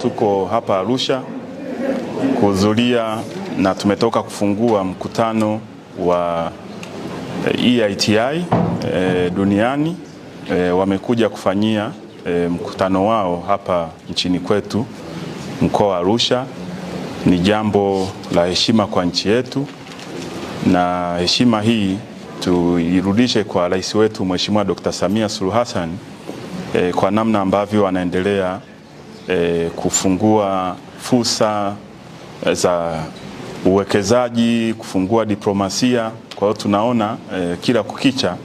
Tuko hapa Arusha kuhudhuria na tumetoka kufungua mkutano wa EITI eh, e, eh, duniani e, wamekuja kufanyia e, mkutano wao hapa nchini kwetu mkoa wa Arusha. Ni jambo la heshima kwa nchi yetu, na heshima hii tuirudishe kwa rais wetu Mheshimiwa Dr. Samia Suluhu Hassan e, kwa namna ambavyo anaendelea e, kufungua fursa e, za uwekezaji, kufungua diplomasia. Kwa hiyo tunaona e, kila kukicha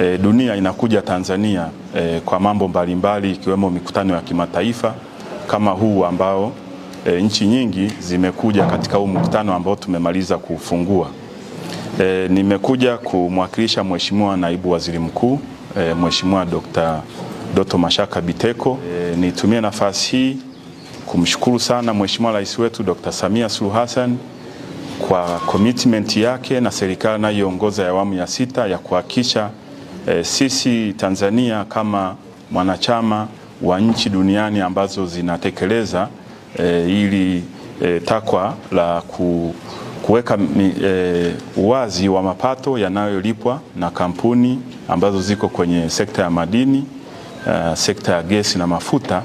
e, dunia inakuja Tanzania e, kwa mambo mbalimbali ikiwemo mikutano ya kimataifa kama huu ambao e, nchi nyingi zimekuja katika huu mkutano ambao tumemaliza kufungua. E, nimekuja kumwakilisha Mheshimiwa Naibu Waziri Mkuu e, Mheshimiwa Dr. Doto Mashaka Biteko. E, nitumie nafasi hii kumshukuru sana Mheshimiwa Rais wetu Dr. Samia Suluhu Hassan kwa commitment yake na serikali anayoongoza ya awamu ya sita ya kuhakikisha e, sisi Tanzania kama mwanachama wa nchi duniani ambazo zinatekeleza e, ili e, takwa la ku, kuweka e, uwazi wa mapato yanayolipwa na kampuni ambazo ziko kwenye sekta ya madini uh, sekta ya gesi na mafuta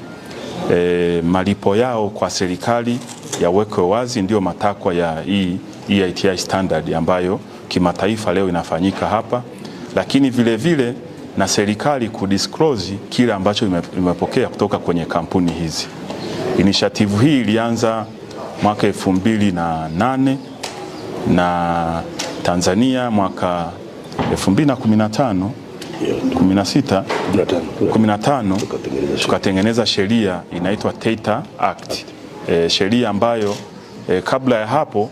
e, malipo yao kwa serikali yawekwe wazi, ndiyo matakwa ya hii EITI standard ambayo kimataifa leo inafanyika hapa, lakini vile vile na serikali kudisclose kile ambacho imepokea kutoka kwenye kampuni hizi. Initiative hii ilianza mwaka elfu mbili na nane na Tanzania mwaka elfu mbili na kumi na tano kumi na sita kumi na tano tukatengeneza sheria inaitwa Tata Act e, sheria ambayo e, kabla ya hapo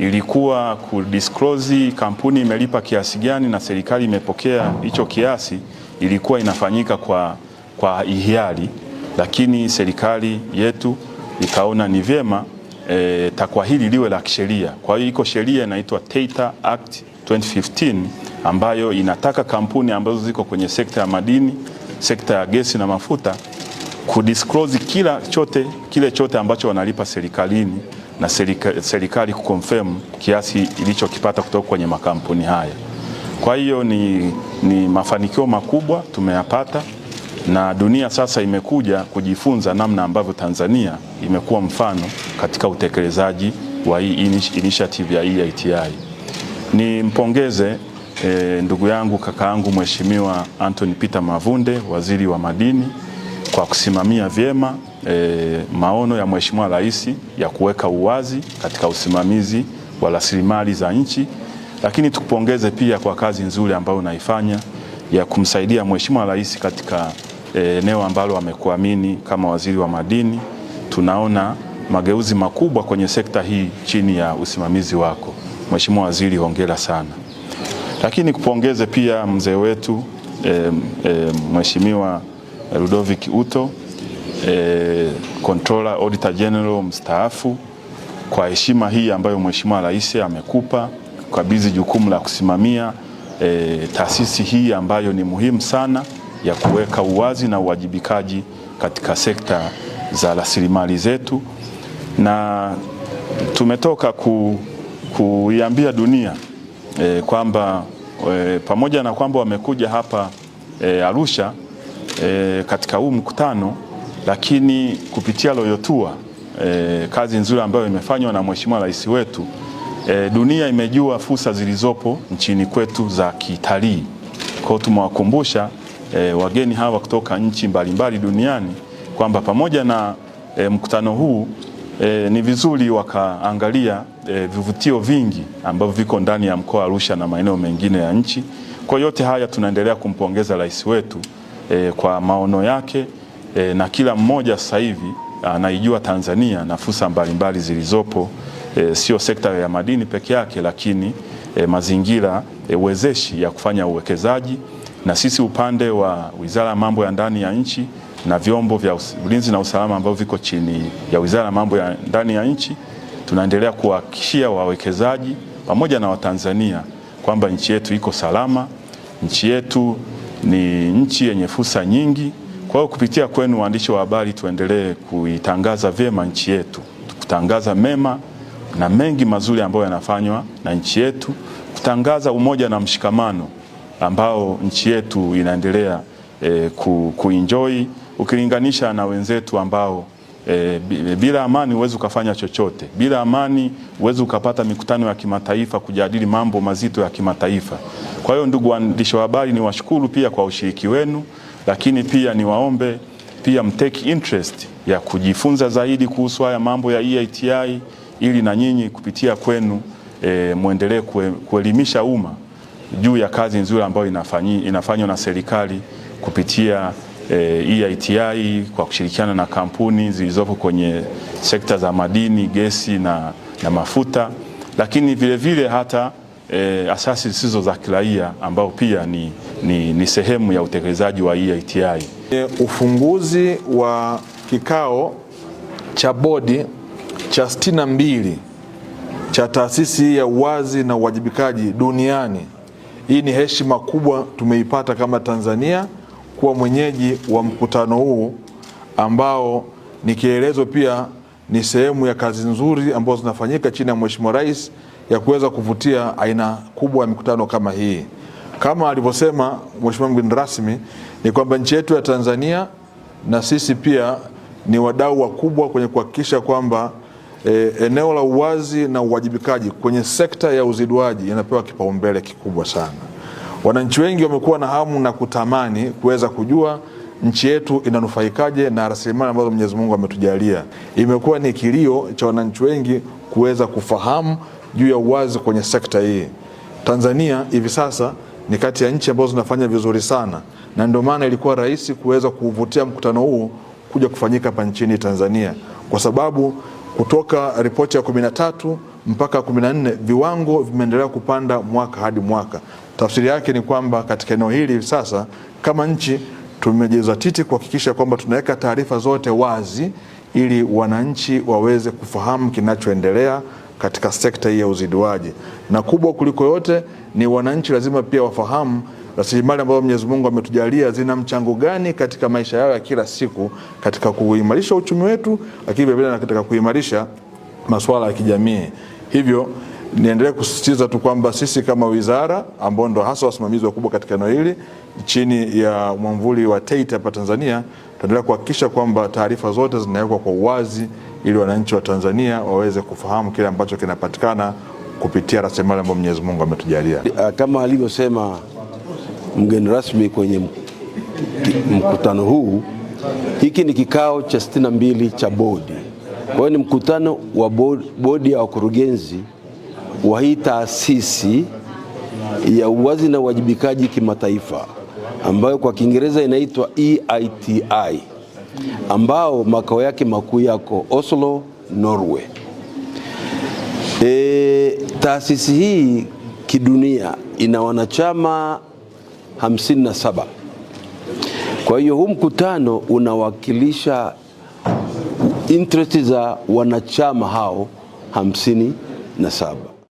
ilikuwa kudisclose kampuni imelipa kiasi gani na serikali imepokea hicho kiasi, ilikuwa inafanyika kwa, kwa hiari, lakini serikali yetu ikaona ni vyema e, takwa hili liwe la kisheria. Kwa hiyo iko sheria inaitwa Tata Act 2015 ambayo inataka kampuni ambazo ziko kwenye sekta ya madini, sekta ya gesi na mafuta kudisclose kila chote kile chote ambacho wanalipa serikalini na serika, serikali kuconfirm kiasi ilichokipata kutoka kwenye makampuni haya. Kwa hiyo ni, ni mafanikio makubwa tumeyapata, na dunia sasa imekuja kujifunza namna ambavyo Tanzania imekuwa mfano katika utekelezaji wa hii initiative ya EITI. mpongeze e, ndugu yangu kakaangu Mheshimiwa Anthony Peter Mavunde, waziri wa madini kwa kusimamia vyema e, maono ya Mheshimiwa Rais ya kuweka uwazi katika usimamizi wa rasilimali za nchi, lakini tukupongeze pia kwa kazi nzuri ambayo unaifanya ya kumsaidia Mheshimiwa Rais katika e, eneo ambalo amekuamini kama waziri wa madini. Tunaona mageuzi makubwa kwenye sekta hii chini ya usimamizi wako. Mheshimiwa Waziri, hongera sana. Lakini kupongeze pia mzee wetu eh, eh, Mheshimiwa Ludovic Uto eh, Controller Auditor General mstaafu kwa heshima hii ambayo Mheshimiwa Rais amekupa kabidhi jukumu la kusimamia e, taasisi hii ambayo ni muhimu sana ya kuweka uwazi na uwajibikaji katika sekta za rasilimali zetu, na tumetoka ku, kuiambia dunia e, kwamba e, pamoja na kwamba wamekuja hapa e, Arusha e, katika huu mkutano, lakini kupitia Loyotua e, kazi nzuri ambayo imefanywa na Mheshimiwa Rais wetu e, dunia imejua fursa zilizopo nchini kwetu za kitalii. Kwa hiyo tumewakumbusha e, wageni hawa kutoka nchi mbalimbali duniani kwamba pamoja na e, mkutano huu E, ni vizuri wakaangalia e, vivutio vingi ambavyo viko ndani ya mkoa wa Arusha na maeneo mengine ya nchi. Kwa yote haya tunaendelea kumpongeza rais wetu e, kwa maono yake e, na kila mmoja sasa hivi anaijua Tanzania na fursa mbalimbali zilizopo e, sio sekta ya madini peke yake, lakini e, mazingira e, uwezeshi ya kufanya uwekezaji, na sisi upande wa Wizara ya Mambo ya Ndani ya nchi na vyombo vya ulinzi na usalama ambavyo viko chini ya Wizara ya Mambo ya Ndani ya Nchi. Tunaendelea kuwahakikishia wawekezaji pamoja na Watanzania kwamba nchi yetu iko salama, nchi yetu ni nchi yenye fursa nyingi. Kwa hiyo kupitia kwenu waandishi wa habari, tuendelee kuitangaza vyema nchi yetu, kutangaza mema na mengi mazuri ambayo yanafanywa na nchi yetu, kutangaza umoja na mshikamano ambao nchi yetu inaendelea eh, kuenjoy ukilinganisha na wenzetu ambao E, bila amani huwezi ukafanya chochote. Bila amani huwezi ukapata mikutano ya kimataifa kujadili mambo mazito ya kimataifa. Kwa hiyo, ndugu waandishi wa habari, niwashukuru pia kwa ushiriki wenu, lakini pia niwaombe pia mtake interest ya kujifunza zaidi kuhusu haya mambo ya EITI ili na nyinyi kupitia kwenu e, eh, muendelee kuelimisha umma juu ya kazi nzuri ambayo inafanywa na serikali kupitia EITI eh, e kwa kushirikiana na kampuni zilizopo kwenye sekta za madini, gesi na, na mafuta, lakini vilevile vile hata e, asasi zisizo za kiraia ambao pia ni, ni, ni sehemu ya utekelezaji wa EITI. E, ufunguzi wa kikao cha bodi cha mbili cha taasisi ya uwazi na uwajibikaji duniani. Hii ni heshima kubwa tumeipata kama Tanzania kuwa mwenyeji wa mkutano huu ambao ni kielezo pia ni sehemu ya kazi nzuri ambazo zinafanyika chini ya Mheshimiwa Rais ya kuweza kuvutia aina kubwa ya mikutano kama hii. Kama alivyosema Mheshimiwa mgeni rasmi, ni kwamba nchi yetu ya Tanzania na sisi pia ni wadau wakubwa kwenye kuhakikisha kwamba e, eneo la uwazi na uwajibikaji kwenye sekta ya uziduaji inapewa kipaumbele kikubwa sana. Wananchi wengi wamekuwa na hamu na kutamani kuweza kujua nchi yetu inanufaikaje na rasilimali ambazo Mwenyezi Mungu ametujalia. Imekuwa ni kilio cha wananchi wengi kuweza kufahamu juu ya uwazi kwenye sekta hii. Tanzania hivi sasa ni kati ya nchi ambazo zinafanya vizuri sana, na ndio maana ilikuwa rahisi kuweza kuvutia mkutano huu kuja kufanyika hapa nchini Tanzania, kwa sababu kutoka ripoti ya kumi na tatu mpaka 14 viwango vimeendelea kupanda mwaka hadi mwaka. Tafsiri yake ni kwamba katika eneo hili sasa kama nchi tumejizatiti kuhakikisha kwamba tunaweka taarifa zote wazi ili wananchi waweze kufahamu kinachoendelea katika sekta hii ya uzidiwaji, na kubwa kuliko yote ni wananchi lazima pia wafahamu rasilimali ambazo Mwenyezi Mungu ametujalia zina mchango gani katika maisha yao ya kila siku, katika kuimarisha uchumi wetu, lakini vilevile katika kuimarisha masuala ya kijamii. Hivyo niendelee kusisitiza tu kwamba sisi kama wizara ambao ndo hasa wasimamizi wakubwa katika eneo hili chini ya mwamvuli wa teit hapa Tanzania, tunaendelea kuhakikisha kwamba taarifa zote zinawekwa kwa uwazi ili wananchi wa Tanzania waweze kufahamu kile ambacho kinapatikana kupitia rasilimali ambayo Mwenyezi Mungu ametujalia. Ah, kama alivyosema mgeni rasmi kwenye mkutano huu, hiki ni kikao cha 62 mbili cha bodi kwa hiyo ni mkutano wa bodi ya wakurugenzi wa hii taasisi ya uwazi na uwajibikaji kimataifa ambayo kwa Kiingereza inaitwa EITI ambao makao yake makuu yako Oslo, Norway. E, taasisi hii kidunia ina wanachama 57. Kwa hiyo huu mkutano unawakilisha interest za wanachama hao hamsini na saba.